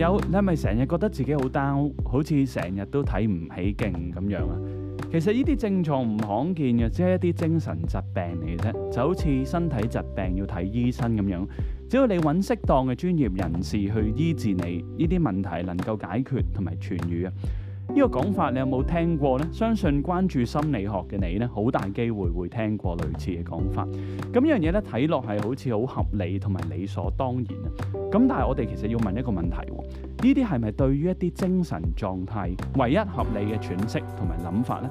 有你係咪成日覺得自己好 down，好似成日都睇唔起勁咁樣啊？其實呢啲症狀唔罕見嘅，只係一啲精神疾病嚟嘅啫，就好似身體疾病要睇醫生咁樣，只要你揾適當嘅專業人士去醫治你呢啲問題，能夠解決同埋痊癒啊！呢個講法你有冇聽過呢？相信關注心理學嘅你呢，好大機會會聽過類似嘅講法。咁呢樣嘢呢睇落係好似好合理同埋理所當然啊！咁但係我哋其實要問一個問題：呢啲係咪對於一啲精神狀態唯一合理嘅詮釋同埋諗法呢？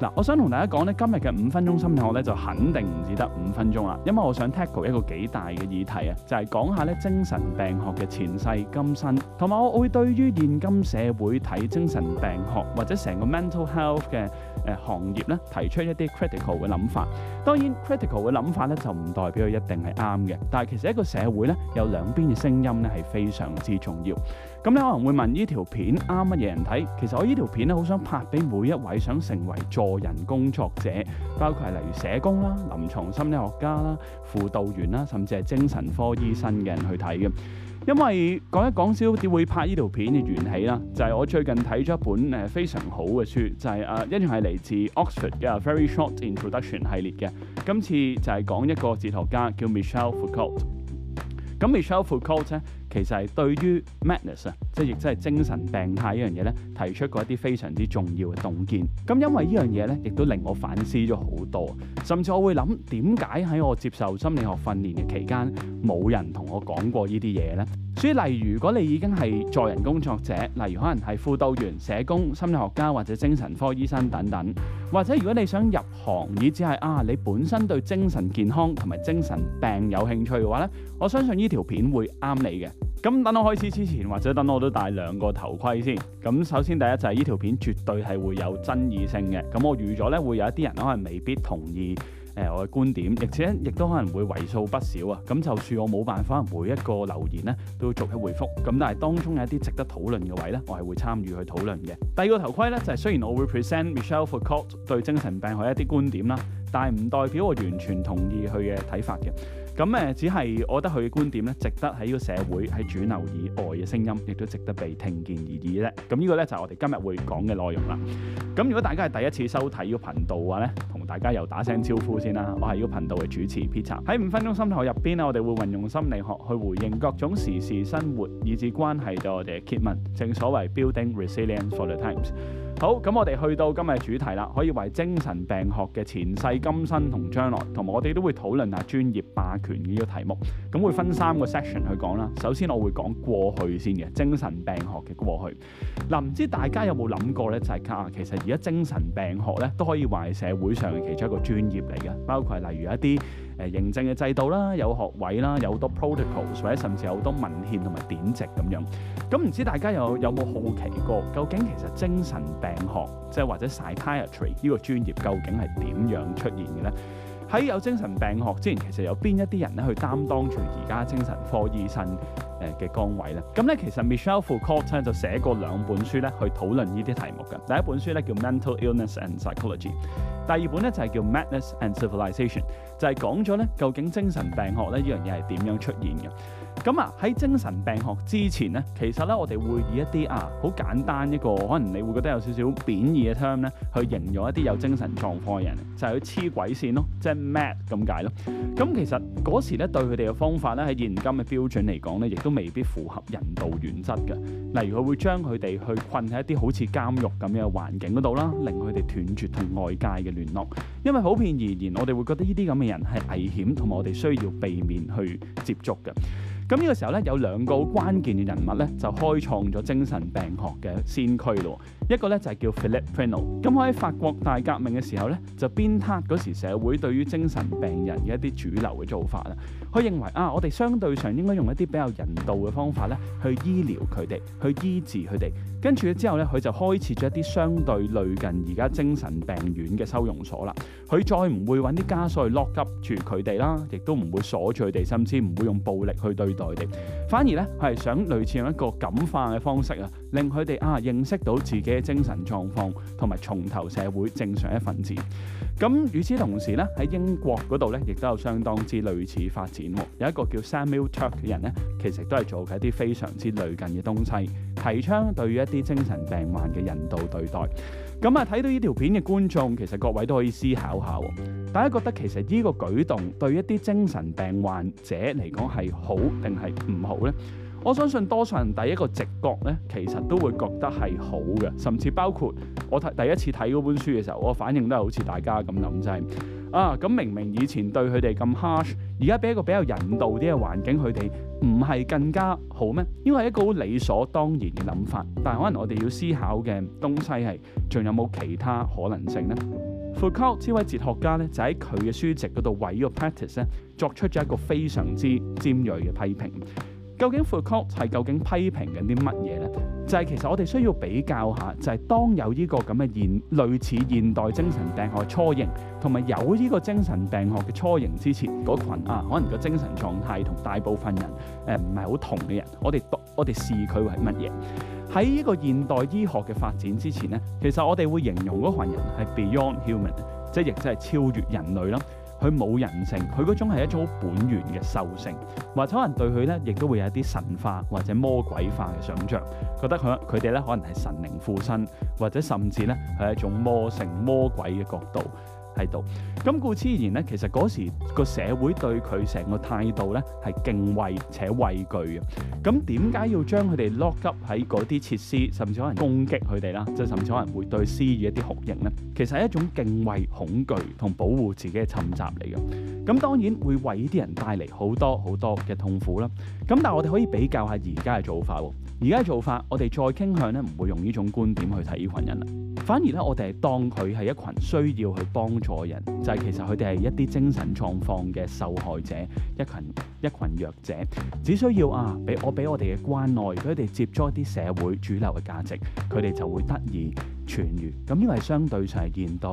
嗱，我想同大家講咧，今日嘅五分鐘心理學我咧就肯定唔止得五分鐘啦，因為我想 tackle 一個幾大嘅議題啊，就係、是、講下咧精神病學嘅前世今生，同埋我會對於現今社會睇精神病學或者成個 mental health 嘅誒、呃、行業咧提出一啲 critical 嘅諗法。當然，critical 嘅諗法咧就唔代表佢一定係啱嘅，但係其實一個社會咧有兩邊嘅聲音咧係非常之重要。咁你可能會問呢條片啱乜嘢人睇？其實我呢條片咧好想拍俾每一位想成為助人工作者，包括係例如社工啦、臨床心理學家啦、輔導員啦，甚至係精神科醫生嘅人去睇嘅。因為講一講少啲會拍呢條片嘅緣起啦，就係我最近睇咗一本誒非常好嘅書，就係誒一樣係嚟自 Oxford 嘅 Very Short Introduction 系列嘅。今次就係講一個哲學家叫 Michel Foucault。咁 Michel Foucault 咧。其實係對於 madness 啊，即係亦真係精神病態呢樣嘢咧，提出過一啲非常之重要嘅洞見。咁因為呢樣嘢咧，亦都令我反思咗好多，甚至我會諗點解喺我接受心理學訓練嘅期間，冇人同我講過呢啲嘢呢。所以，例如如果你已經係助人工作者，例如可能係輔導員、社工、心理學家或者精神科醫生等等，或者如果你想入行，以至係啊你本身對精神健康同埋精神病有興趣嘅話咧，我相信呢條片會啱你嘅。咁等我開始之前，或者等我都戴兩個頭盔先。咁首先第一就係呢條片絕對係會有爭議性嘅。咁我預咗咧會有一啲人可能未必同意誒我嘅觀點，而且亦都可能會為數不少啊。咁就算我冇辦法每一個留言咧都逐一回覆，咁但係當中有一啲值得討論嘅位咧，我係會參與去討論嘅。第二個頭盔咧就係、是、雖然我會 present Michelle Foucault 對精神病學一啲觀點啦，但係唔代表我完全同意佢嘅睇法嘅。咁誒，只係我覺得佢嘅觀點咧，值得喺呢個社會喺主流以外嘅聲音，亦都值得被聽見而已。啫。咁呢個咧就係我哋今日會講嘅內容啦。咁如果大家係第一次收睇呢個頻道嘅話咧，同大家又打聲招呼先啦。我係呢個頻道嘅主持 Peter 喺五分鐘心理學入邊咧，我哋會運用心理學去回應各種時事生活以至關係到我哋嘅結問。正所謂 Building Resilience for the Times。好，咁我哋去到今日嘅主題啦，可以話係精神病學嘅前世今生同將來，同埋我哋都會討論下專業霸權呢個題目。咁會分三個 section 去講啦。首先，我會講過去先嘅精神病學嘅過去。嗱、啊，唔知大家有冇諗過呢？就係、是啊、其實而家精神病學呢，都可以話係社會上嘅其中一個專業嚟嘅，包括係例如一啲，誒認證嘅制度啦，有學位啦，有好多 protocols，或者甚至有好多文獻同埋典籍咁樣。咁唔知大家有有冇好奇過，究竟其實精神病學即係或者 psychiatry 呢個專業究竟係點樣出現嘅呢？喺有精神病學之前，其實有邊一啲人咧去擔當住而家精神科醫生誒嘅崗位呢？咁咧其實 Michelle Foucault 咧就寫過兩本書咧去討論呢啲題目嘅。第一本書咧叫《Mental Illness and Psychology》。第二本咧就係叫《Madness and Civilization》，就係講咗咧究竟精神病學咧呢樣嘢係點樣出現嘅。咁啊，喺精神病學之前咧，其實咧我哋會以一啲啊好簡單一個，可能你會覺得有少少貶義嘅 term 咧，去形容一啲有精神狀況嘅人，就係去黐鬼線咯，即係 mad 咁解咯。咁其實嗰時咧對佢哋嘅方法咧，喺現今嘅標準嚟講咧，亦都未必符合人道原則嘅。例如佢會將佢哋去困喺一啲好似監獄咁樣嘅環境嗰度啦，令佢哋斷絕同外界嘅聯絡。因為普遍而言，我哋會覺得呢啲咁嘅人係危險，同埋我哋需要避免去接觸嘅。咁呢個時候咧，有兩個關鍵嘅人物咧，就開創咗精神病學嘅先驅咯。一個咧就係叫 Philippe Pinel。咁我喺法國大革命嘅時候咧，就鞭撻嗰時社會對於精神病人嘅一啲主流嘅做法啊。佢認為啊，我哋相對上應該用一啲比較人道嘅方法咧，去醫療佢哋，去醫治佢哋。跟住之後咧，佢就開始咗一啲相對類近而家精神病院嘅收容所啦。佢再唔會揾啲枷鎖去 lock up 住佢哋啦，亦都唔會鎖住佢哋，甚至唔會用暴力去對。反而咧係想類似用一個感化嘅方式啊，令佢哋啊認識到自己嘅精神狀況，同埋從頭社會正常一份子。咁與此同時咧，喺英國嗰度咧，亦都有相當之類似發展。有一個叫 Samuel Tuke 嘅人咧，其實都係做緊一啲非常之類近嘅東西，提倡對於一啲精神病患嘅人道對待。咁啊，睇到呢條片嘅觀眾，其實各位都可以思考下喎。大家覺得其實呢個舉動對一啲精神病患者嚟講係好定係唔好呢？我相信多數人第一個直覺咧，其實都會覺得係好嘅，甚至包括我睇第一次睇嗰本書嘅時候，我反應都係好似大家咁諗，就係，啊咁明明以前對佢哋咁 harsh，而家俾一個比較人道啲嘅環境，佢哋唔係更加好咩？因為一個好理所當然嘅諗法，但係可能我哋要思考嘅東西係仲有冇其他可能性呢？咧？傅柯呢位哲學家咧，就喺佢嘅書籍嗰度為呢個 practice 咧作出咗一個非常之尖鋭嘅批評。究竟 Foucault 係究竟批評緊啲乜嘢呢？就係、是、其實我哋需要比較下，就係、是、當有呢個咁嘅現類似現代精神病學雛形，同埋有呢個精神病學嘅雛形之前，嗰羣啊可能個精神狀態同大部分人誒唔係好同嘅人，我哋我哋視佢為乜嘢？喺呢個現代醫學嘅發展之前呢，其實我哋會形容嗰羣人係 beyond human，即係亦即係超越人類啦。佢冇人性，佢嗰種係一種本源嘅獸性，或者可能對佢咧，亦都會有一啲神化或者魔鬼化嘅想像，覺得佢佢哋咧可能係神靈附身，或者甚至咧係一種魔性、魔鬼嘅角度。喺度，咁故此而言呢其實嗰時個社會對佢成個態度呢係敬畏且畏懼嘅。咁點解要將佢哋 lock up 喺嗰啲設施，甚至可能攻擊佢哋啦，就甚至可能會對施予一啲酷刑呢，其實係一種敬畏、恐懼同保護自己嘅侵襲嚟嘅。咁當然會為呢啲人帶嚟好多好多嘅痛苦啦。咁但係我哋可以比較下而家嘅做法喎。而家嘅做法，我哋再傾向呢，唔會用呢種觀點去睇呢群人啦。反而咧，我哋係當佢係一群需要去幫助人，就係其實佢哋係一啲精神狀況嘅受害者，一群一羣弱者，只需要啊俾我俾我哋嘅關愛，俾佢哋接觸一啲社會主流嘅價值，佢哋就會得以痊愈。咁因為相對上係現代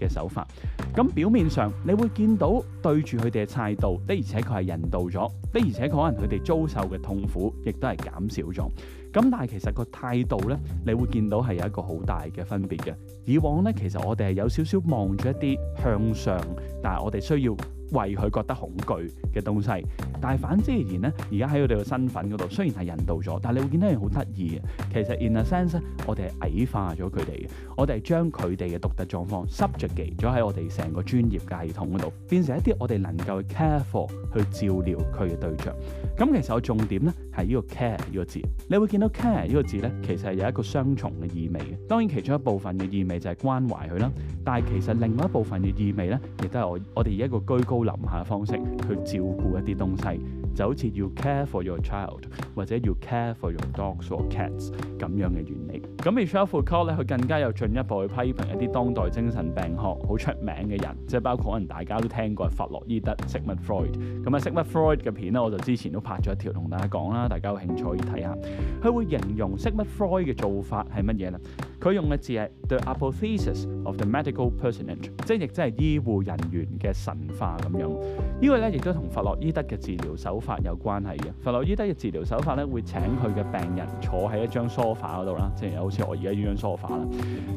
嘅手法，咁表面上你會見到對住佢哋嘅態度，的而且確係人道咗，的而且確可能佢哋遭受嘅痛苦亦都係減少咗。咁但係其實個態度咧，你會見到係有一個好大嘅分別嘅。以往咧，其實我哋係有少少望住一啲向上，但係我哋需要。為佢覺得恐懼嘅東西，但係反之而言咧，而家喺佢哋嘅身份嗰度，雖然係人道咗，但係你會見到樣嘢好得意嘅。其實 in a sense，我哋係矮化咗佢哋嘅，我哋係將佢哋嘅獨特狀況 subject 咗喺我哋成個專業嘅系統嗰度，變成一啲我哋能夠 care for 去照料佢嘅對象。咁其實個重點呢係呢個 care 呢個字，你會見到 care 呢個字呢，其實係有一個雙重嘅意味嘅。當然其中一部分嘅意味就係關懷佢啦，但係其實另外一部分嘅意味呢，亦都係我我哋一個居高淋下嘅方式去照顧一啲東西，就好似要 care for your child 或者要 care for your dogs or cats 咁樣嘅原理。咁 Michel Foucault 咧，佢更加有進一步去批評一啲當代精神病學好出名嘅人，即係包括可能大家都聽過佛洛伊德 （Sigmund Freud）。咁啊，Sigmund Freud 嘅片呢，我就之前都拍咗一條同大家講啦，大家有興趣睇下。佢會形容 Sigmund Freud 嘅做法係乜嘢呢？佢用嘅字係對 apotheosis of the medical personage，即係亦即係醫護人員嘅神化咁樣。這個、呢個咧亦都同弗洛伊德嘅治療手法有關係嘅。弗洛伊德嘅治療手法咧，會請佢嘅病人坐喺一張梳化嗰度啦，即係好似我而家呢張梳化 f 啦。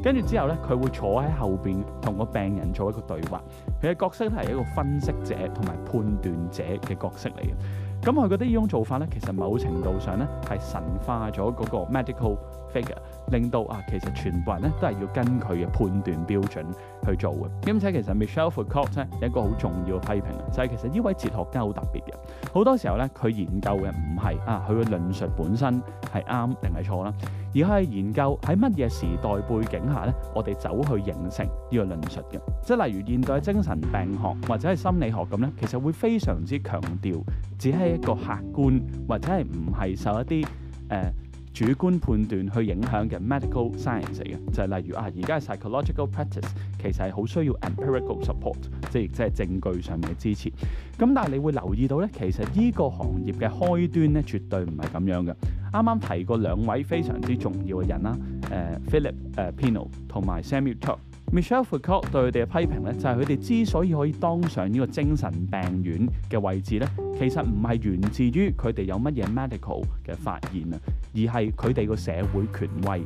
跟住之後咧，佢會坐喺後邊同個病人做一個對話。佢嘅角色係一個分析者同埋判斷者嘅角色嚟嘅。咁佢覺得呢種做法咧，其實某程度上咧係神化咗嗰個 medical figure，令到啊其實全部人咧都係要根據佢嘅判斷標準去做嘅。咁且其實 Michel Foucault 有一個好重要嘅批評，就係、是、其實呢位哲學家好特別嘅，好多時候咧佢研究嘅唔係啊佢嘅論述本身係啱定係錯啦。而係研究喺乜嘢時代背景下咧，我哋走去形成呢個論述嘅，即係例如現代精神病學或者係心理學咁咧，其實會非常之強調，只係一個客觀或者係唔係受一啲誒、呃主觀判斷去影響嘅 medical science 嘅，就係例如啊，而家 psychological practice 其實係好需要 empirical support，即係即係證據上面嘅支持。咁但係你會留意到咧，其實呢個行業嘅開端咧，絕對唔係咁樣嘅。啱啱提過兩位非常之重要嘅人啦，誒、呃、Philip 誒、呃、Pinel 同埋 Samuel Tuke，Michel Foucault 對佢哋嘅批評咧，就係佢哋之所以可以當上呢個精神病院嘅位置咧。其實唔係源自於佢哋有乜嘢 medical 嘅發現啊，而係佢哋個社會權威。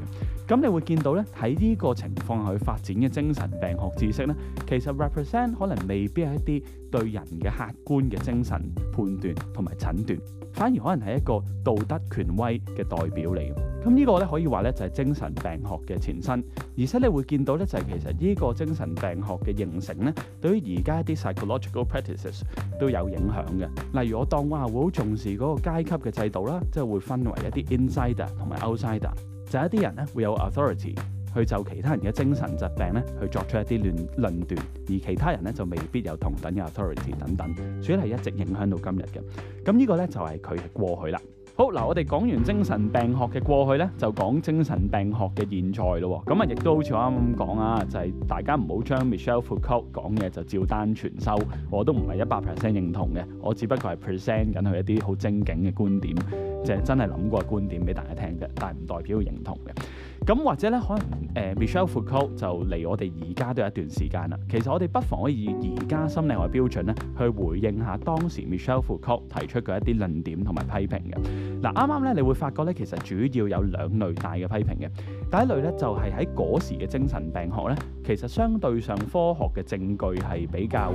咁你會見到咧，喺呢個情況下去發展嘅精神病學知識咧，其實 represent 可能未必係一啲對人嘅客觀嘅精神判斷同埋診斷，反而可能係一個道德權威嘅代表嚟。咁呢個咧可以話咧就係精神病學嘅前身，而且你會見到咧就係、是，其實呢個精神病學嘅形成咧，對於而家啲 psychological practices 都有影響嘅。例如我當哇會好重視嗰個階級嘅制度啦，即係會分為一啲 insider 同埋 outsider，就一啲人咧會有 authority 去就其他人嘅精神疾病咧去作出一啲論論斷，而其他人咧就未必有同等嘅 authority 等等，所以係一直影響到今日嘅。咁呢個咧就係佢過去啦。好嗱，我哋講完精神病學嘅過去咧，就講精神病學嘅現在咯喎。咁啊，亦都好似我啱啱講啊，就係大家唔好將 Michelle Foucault 講嘅就照單全收，我都唔係一百 percent 認同嘅。我只不過係 present 緊佢一啲好精警嘅觀點，即係真係諗過嘅觀點俾大家聽啫，但係唔代表認同嘅。咁或者咧，可能誒，Michelle Foucault 就離我哋而家都有一段時間啦。其實我哋不妨可以以而家心理學標準咧，去回應下當時 Michelle Foucault 提出嘅一啲論點同埋批評嘅。.嗱，啱啱咧，你會發覺咧，其實主要有兩類大嘅批評嘅。第一類咧，就係喺嗰時嘅精神病學咧，其實相對上科學嘅證據係比較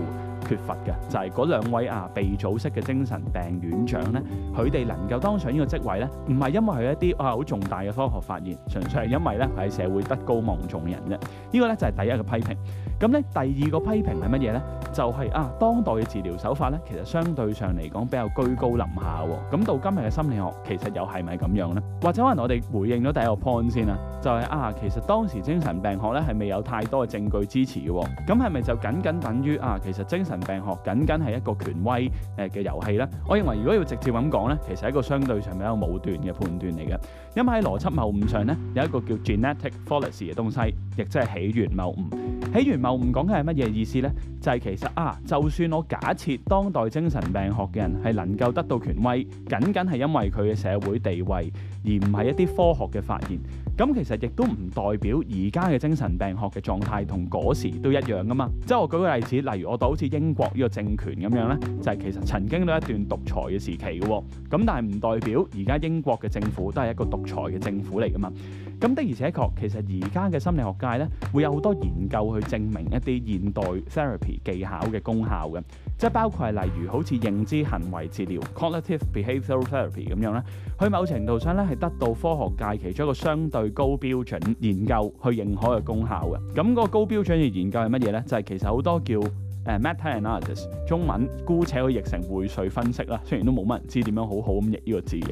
缺乏嘅。就係、是、嗰兩位啊，被組織嘅精神病院長咧，佢哋能夠當上呢個職位咧，唔係因為一啲啊好重大嘅科學發現，純粹係因為咧喺社會德高望重嘅人啫。這個、呢個咧就係、是、第一個批評。咁咧，第二個批評係乜嘢呢？就係啊，當代嘅治療手法咧，其實相對上嚟講比較居高臨下喎。咁到今日嘅心理學，其實又係咪咁樣呢？或者可能我哋回應咗第一個 point 先啦，就係啊，其實當時精神病學咧係未有太多嘅證據支持嘅。咁係咪就僅僅等於啊，其實精神病學僅僅係一個權威嘅遊戲呢？我認為如果要直接咁講呢，其實係一個相對上比較武斷嘅判斷嚟嘅。因為喺邏輯謬誤上呢，有一個叫 genetic fallacy 嘅東西，亦即係起源謬誤、起源謬。我唔講嘅係乜嘢意思呢？就係其實啊，就算我假設當代精神病學嘅人係能夠得到權威，僅僅係因為佢嘅社會地位，而唔係一啲科學嘅發現。咁其實亦都唔代表而家嘅精神病學嘅狀態同嗰時都一樣噶嘛。即係我舉個例子，例如我到好似英國呢個政權咁樣呢，就係其實曾經都一段獨裁嘅時期嘅喎。咁但係唔代表而家英國嘅政府都係一個獨裁嘅政府嚟噶嘛。咁的而且確，其實而家嘅心理學界咧，會有好多研究去證明一啲現代 therapy 技巧嘅功效嘅，即係包括係例如好似認知行為治療 （cognitive behavioral therapy） 咁樣咧，佢某程度上咧係得到科學界其中一個相對高標準研究去認可嘅功效嘅。咁嗰個高標準嘅研究係乜嘢咧？就係、是、其實好多叫誒、uh, meta analysis，中文姑且去譯成薈萃分析啦。雖然都冇乜人知點樣好好咁譯呢個字嘅，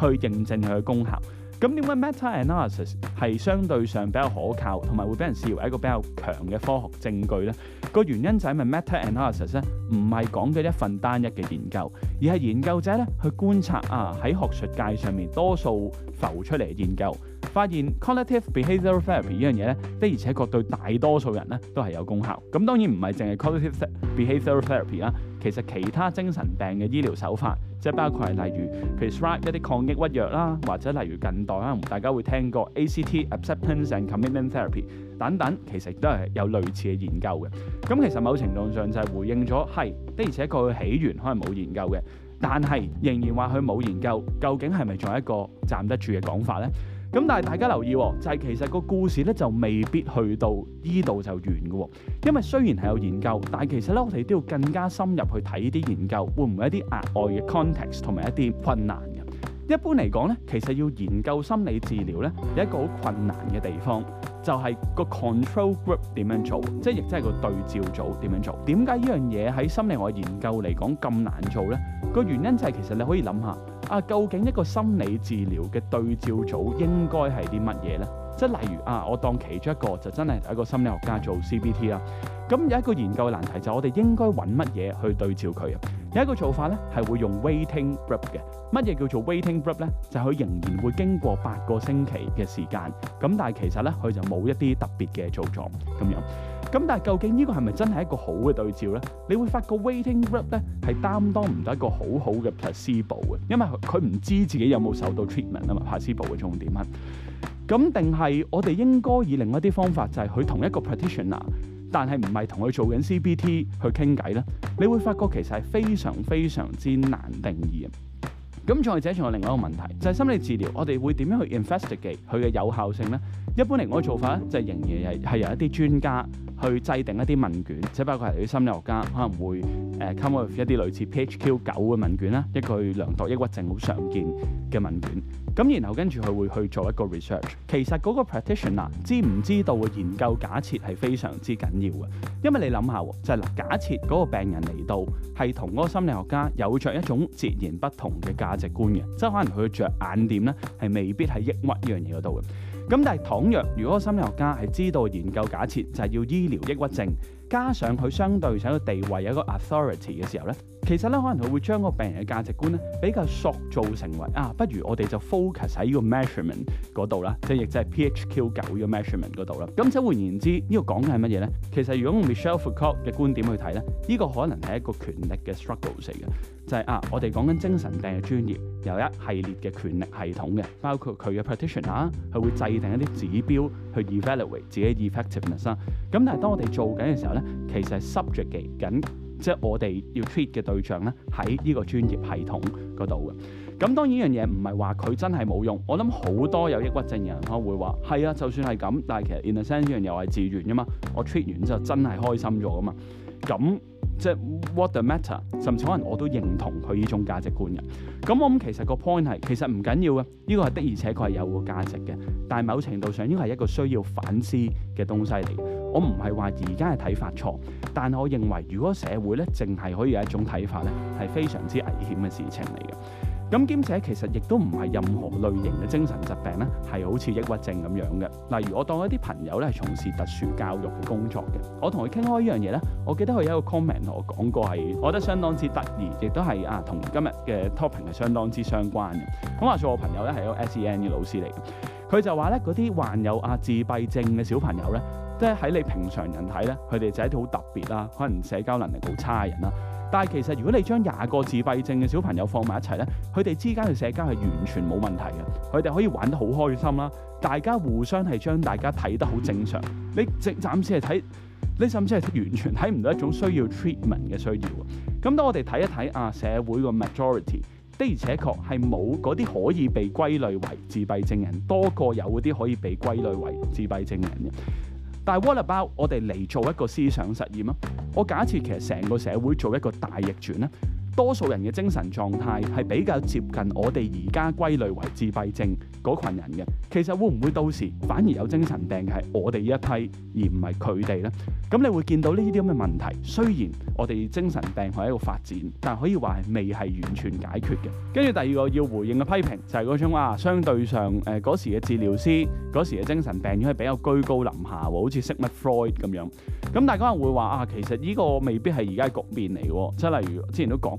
去認證佢嘅功效。咁點解 meta analysis 係相對上比較可靠，同埋會俾人視為一個比較強嘅科學證據咧？個原因就係 meta analysis 咧，唔係講嘅一份單一嘅研究，而係研究者咧去觀察啊喺學術界上面多數浮出嚟研究，發現 cognitive behavioral therapy 依樣嘢咧，的而且確對大多數人咧都係有功效。咁當然唔係淨係 cognitive behavioral therapy 啦。其實其他精神病嘅醫療手法，即係包括係例如，譬如 write 一啲抗抑鬱藥啦，或者例如近代可能大家會聽過 ACT Acceptance and Commitment Therapy 等等，其實都係有類似嘅研究嘅。咁其實某程度上就係回應咗，係的而且確佢起源可能冇研究嘅，但係仍然話佢冇研究，究竟係咪仲有一個站得住嘅講法呢？咁但係大家留意，就係其實個故事咧就未必去到呢度就完嘅喎。因為雖然係有研究，但係其實咧我哋都要更加深入去睇呢啲研究，會唔會一啲額外嘅 context 同埋一啲困難嘅？一般嚟講咧，其實要研究心理治療咧，有一個好困難嘅地方，就係個 control group 點樣做，即係亦即係個對照組點樣做。點解呢樣嘢喺心理學研究嚟講咁難做咧？個原因就係其實你可以諗下。啊，究竟一個心理治療嘅對照組應該係啲乜嘢呢？即係例如啊，我當其中一個就真係一個心理學家做 CBT 啦。咁有一個研究嘅難題就係我哋應該揾乜嘢去對照佢啊？有一個做法呢係會用 waiting group 嘅。乜嘢叫做 waiting group 呢？就係佢仍然會經過八個星期嘅時間，咁但係其實呢，佢就冇一啲特別嘅做作咁樣。咁但係究竟呢個係咪真係一個好嘅對照呢？你會發覺 waiting group 咧係擔當唔到一個好好嘅 placebo 嘅，因為佢唔知自己有冇受到 treatment 啊嘛。placebo 嘅重點啊，咁定係我哋應該以另外啲方法，就係、是、佢同一個 practitioner，但係唔係同佢做緊 C B T 去傾偈呢？你會發覺其實係非常非常之難定義嘅。咁再者，仲有另外一個問題就係、是、心理治療，我哋會點樣去 investigate 佢嘅有效性呢？一般嚟講嘅做法就就是、仍然係係由一啲專家。去制定一啲問卷，即係包括係啲心理學家可能會誒 come up with 一啲類似 PHQ 九嘅問卷啦，一個去量度抑鬱症好常見嘅問卷。咁然後跟住佢會去做一個 research。其實嗰個 practitioner 知唔知道嘅研究假設係非常之緊要嘅，因為你諗下喎，就係嗱，假設嗰個病人嚟到係同嗰個心理學家有着一種截然不同嘅價值觀嘅，即係可能佢着眼點咧係未必係抑鬱呢樣嘢嗰度嘅。咁但係倘若如果心理學家係知道研究假設，就係要醫療抑鬱症，加上佢相對上個地位有一個 authority 嘅時候呢。其實咧，可能佢會將個病人嘅價值觀咧比較塑造成為啊，不如我哋就 focus 喺呢個 measurement 嗰度啦，即係亦即係 PHQ 九呢個 measurement 嗰度啦。咁相換言之，這個、呢個講緊係乜嘢咧？其實如果用 Michelle Foucault 嘅觀點去睇咧，呢、這個可能係一個權力嘅 struggles 嚟嘅，就係、是、啊，我哋講緊精神病嘅專業有一系列嘅權力系統嘅，包括佢嘅 practitioner，佢會制定一啲指標去 evaluate 自己 effectiveness 啦、啊。咁、嗯、但係當我哋做緊嘅時候咧，其實係 subjecting 緊。即係我哋要 treat 嘅對象咧，喺呢個專業系統嗰度嘅。咁當然一樣嘢唔係話佢真係冇用。我諗好多有抑鬱症嘅人可能會話：係啊，就算係咁，但係其實 in a sense 呢樣又係自願㗎嘛。我 treat 完之後就真係開心咗㗎嘛。咁即係 what the matter？甚至可能我都認同佢呢種價值觀嘅。咁我諗其實個 point 係：其實唔緊要嘅。呢個係的，而且確係有個價值嘅。但係某程度上應該係一個需要反思嘅東西嚟。我唔係話而家嘅睇法錯，但我認為如果社會咧，淨係可以有一種睇法咧，係非常之危險嘅事情嚟嘅。咁兼且其實亦都唔係任何類型嘅精神疾病咧，係好似抑鬱症咁樣嘅。例如我當一啲朋友咧，係從事特殊教育嘅工作嘅，我同佢傾開呢樣嘢咧，我記得佢有一個 comment 同我講過，係我覺得相當之得意，亦都係啊，同今日嘅 topic 係相當之相關嘅。咁話說我朋友咧係一個 SEN 嘅老師嚟嘅，佢就話咧嗰啲患有啊自閉症嘅小朋友咧。即係喺你平常人睇呢，佢哋就係一啲好特別啦。可能社交能力好差嘅人啦。但係其實如果你將廿個自閉症嘅小朋友放埋一齊呢，佢哋之間嘅社交係完全冇問題嘅。佢哋可以玩得好開心啦，大家互相係將大家睇得好正常。你暫時係睇，你甚至係完全睇唔到一種需要 treatment 嘅需要。咁當我哋睇一睇啊，社會個 majority 的而且確係冇嗰啲可以被歸類為自閉症人多過有嗰啲可以被歸類為自閉症人嘅。但係 what about 我哋嚟做一個思想實驗啊！我假設其實成個社會做一個大逆轉咧。多數人嘅精神狀態係比較接近我哋而家歸類為自閉症嗰羣人嘅，其實會唔會到時反而有精神病係我哋一批而唔係佢哋呢？咁你會見到呢啲咁嘅問題。雖然我哋精神病係一個發展，但可以話係未係完全解決嘅。跟住第二個要回應嘅批評就係嗰種啊，相對上誒嗰、呃、時嘅治療師，嗰時嘅精神病院係比較居高臨下喎，好似 Sigmund Freud 咁樣。咁大家人會話啊，其實呢個未必係而家局面嚟嘅，即係例如之前都講。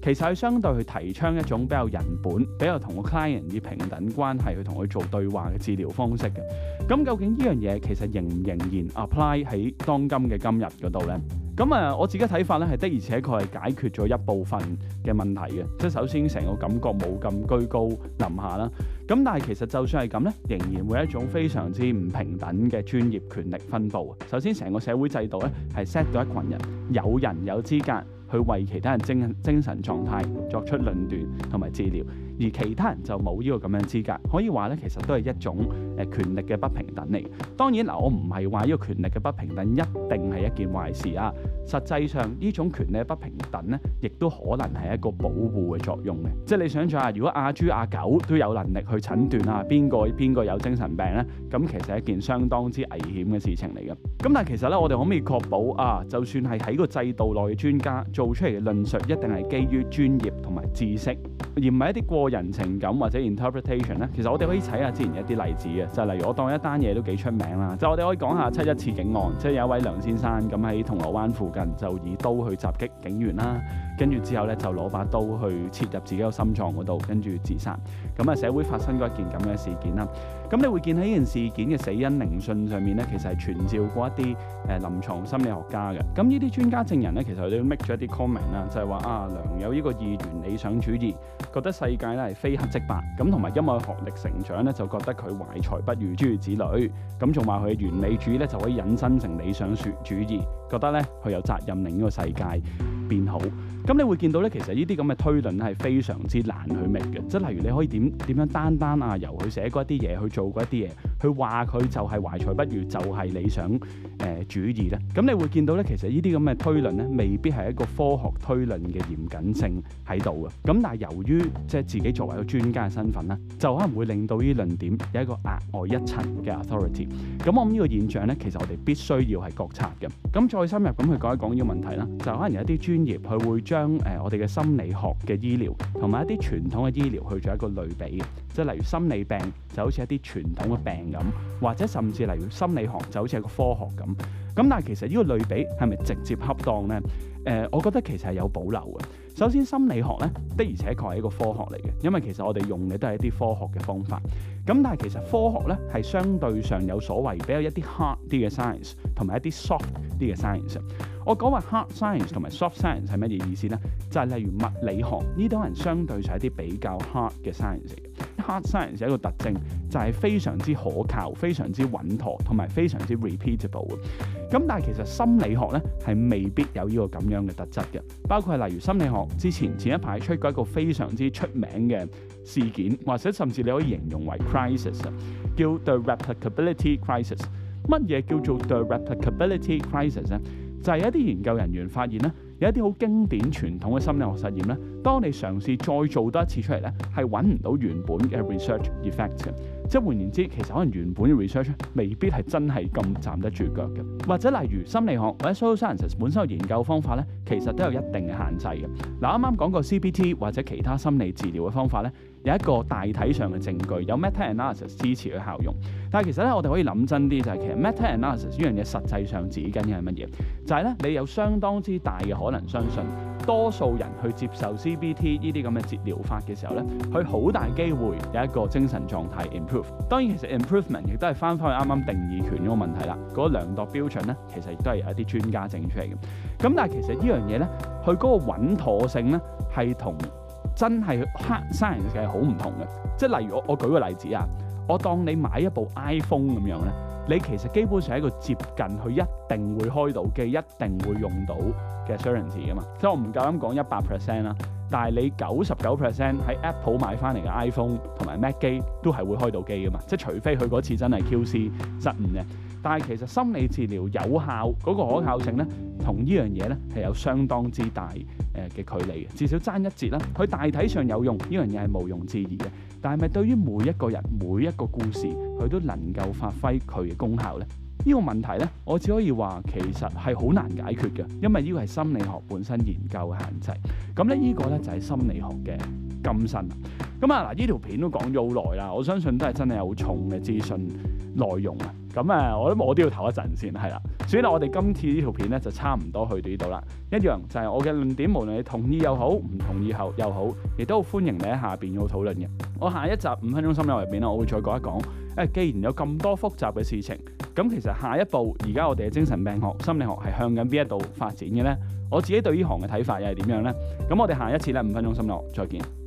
其實係相對去提倡一種比較人本、比較同個 client 以平等關係去同佢做對話嘅治療方式嘅。咁究竟呢樣嘢其實仍唔仍然 apply 喺當今嘅今日嗰度呢？咁啊，我自己睇法呢，係的而且確係解決咗一部分嘅問題嘅。即係首先成個感覺冇咁居高臨下啦。咁但係其實就算係咁呢，仍然會有一種非常之唔平等嘅專業權力分佈。首先成個社會制度呢，係 set 到一群人有人有資格。去為其他人精精神狀態作出論斷，同埋治療。而其他人就冇呢個咁樣資格，可以話咧，其實都係一種誒、啊、權力嘅不平等嚟。當然嗱，我唔係話呢個權力嘅不平等一定係一件壞事啊。實際上呢種權力嘅不平等咧，亦都可能係一個保護嘅作用嘅。即係你想象下，如果阿豬阿狗都有能力去診斷啊，邊個邊個有精神病咧，咁其實係一件相當之危險嘅事情嚟嘅。咁但係其實咧，我哋可唔可以確保啊，就算係喺個制度內嘅專家做出嚟嘅論述，一定係基於專業同埋知識，而唔係一啲過。人情感或者 interpretation 咧，其實我哋可以睇下之前一啲例子嘅，就係、是、例如我當一單嘢都幾出名啦，就我哋可以講下七一刺警案，即、就、係、是、有一位梁先生咁喺銅鑼灣附近就以刀去襲擊警員啦，跟住之後咧就攞把刀去切入自己個心臟度，跟住自殺，咁、嗯、啊社會發生過一件咁嘅事件啦，咁、嗯、你會見喺呢件事件嘅死因聆訊上面咧，其實係傳召過一啲誒臨床心理學家嘅，咁呢啲專家證人咧，其實佢都 make 咗一啲 comment 啦，就係、是、話啊梁有呢個意願理想主義覺得世界係非黑即白咁，同埋因為學歷成長咧，就覺得佢懷才不遇諸如此類。咁仲話佢嘅完美主義咧，就可以引申成理想主義，覺得咧佢有責任令呢個世界變好。咁你會見到咧，其實呢啲咁嘅推論咧，係非常之難去明嘅。即係例如你可以點點樣，樣單單啊，由佢寫過一啲嘢，去做過一啲嘢。佢話佢就係懷才不遇，就係、是、理想誒主義咧。咁你會見到咧，其實呢啲咁嘅推論咧，未必係一個科學推論嘅嚴謹性喺度嘅。咁但係由於即係自己作為一個專家嘅身份咧，就可能會令到呢論點有一個額外一層嘅 authority。咁我諗呢個現象咧，其實我哋必須要係覺察嘅。咁再深入咁去講一講呢個問題啦，就可能有一啲專業佢會將誒、呃、我哋嘅心理學嘅醫療同埋一啲傳統嘅醫療去做一個類比嘅，即係例如心理病就好似一啲傳統嘅病。咁或者甚至例如心理學就好似係個科學咁，咁但係其實呢個類比係咪直接恰當呢？誒、呃，我覺得其實係有保留嘅。首先，心理學呢的而且確係一個科學嚟嘅，因為其實我哋用嘅都係一啲科學嘅方法。咁但係其實科學呢係相對上有所謂，比較一啲 hard 啲嘅 science，同埋一啲 soft 啲嘅 science。我講話 hard science 同埋 soft science 係乜嘢意思呢？就係、是、例如物理學呢堆人相對就係一啲比較 hard 嘅 science 嚟嘅。hard science 係一個特徵就係、是、非常之可靠、非常之穩妥同埋非常之 repeatable 嘅。咁但係其實心理學呢，係未必有呢個咁樣嘅特質嘅。包括係例如心理學之前前一排出過一個非常之出名嘅事件，或者甚至你可以形容為 crisis 叫 the replicability crisis。乜嘢叫做 the replicability crisis 咧？就係一啲研究人員發現咧，有一啲好經典傳統嘅心理學實驗咧。當你嘗試再做多一次出嚟咧，係揾唔到原本嘅 research effect 嘅。即係換言之，其實可能原本嘅 research 未必係真係咁站得住腳嘅。或者例如心理學或者 social sciences 本身嘅研究方法咧，其實都有一定嘅限制嘅。嗱，啱啱講過 CBT 或者其他心理治療嘅方法咧，有一個大體上嘅證據有 meta analysis 支持嘅效用。但係其實咧，我哋可以諗真啲、就係，就係其實 meta analysis 呢樣嘢實際上指緊嘅係乜嘢？就係咧，你有相當之大嘅可能相信多數人去接受 CBT 呢啲咁嘅治療法嘅時候咧，佢好大機會有一個精神狀態 improve。當然其實 improvement 亦都係翻返去啱啱定義權嗰個問題啦。嗰、嗰個量度標準咧，其實亦都係有一啲專家整出嚟嘅。咁但係其實呢樣嘢咧，佢嗰個穩妥性咧，係同真係 hard science 係好唔同嘅。即係例如我我舉個例子啊，我當你買一部 iPhone 咁樣咧，你其實基本上係一個接近佢一定會開到機、一定會用到嘅 certainty 噶嘛。所以我唔夠膽講一百 percent 啦。啊。但係你九十九 percent 喺 Apple 買翻嚟嘅 iPhone 同埋 Mac 機都係會開到機㗎嘛？即係除非佢嗰次真係 QC 失誤咧。但係其實心理治療有效嗰個可靠性咧，同呢樣嘢咧係有相當之大誒嘅距離嘅。至少爭一截啦，佢大體上有用，呢樣嘢係毋庸置疑嘅。但係咪對於每一個人每一個故事，佢都能夠發揮佢嘅功效咧？呢個問題呢，我只可以話其實係好難解決嘅，因為呢個係心理學本身研究嘅限制。咁呢，呢個呢，就係心理學嘅今生。咁啊嗱，呢條片都講咗好耐啦，我相信都係真係有好重嘅資訊內容啊。咁啊，我都我都要唞一陣先，係啦。所以啦，我哋今次呢條片呢，就差唔多去到呢度啦。一樣就係我嘅論點，無論你同意又好，唔同意後又好，亦都歡迎你喺下邊要討論嘅。我下一集五分鐘心理學入面咧，我會再講一講。誒，既然有咁多複雜嘅事情，咁其實下一步而家我哋嘅精神病學、心理學係向緊邊一度發展嘅呢？我自己對呢行嘅睇法又係點樣呢？咁我哋下一次咧五分鐘心理學，再見。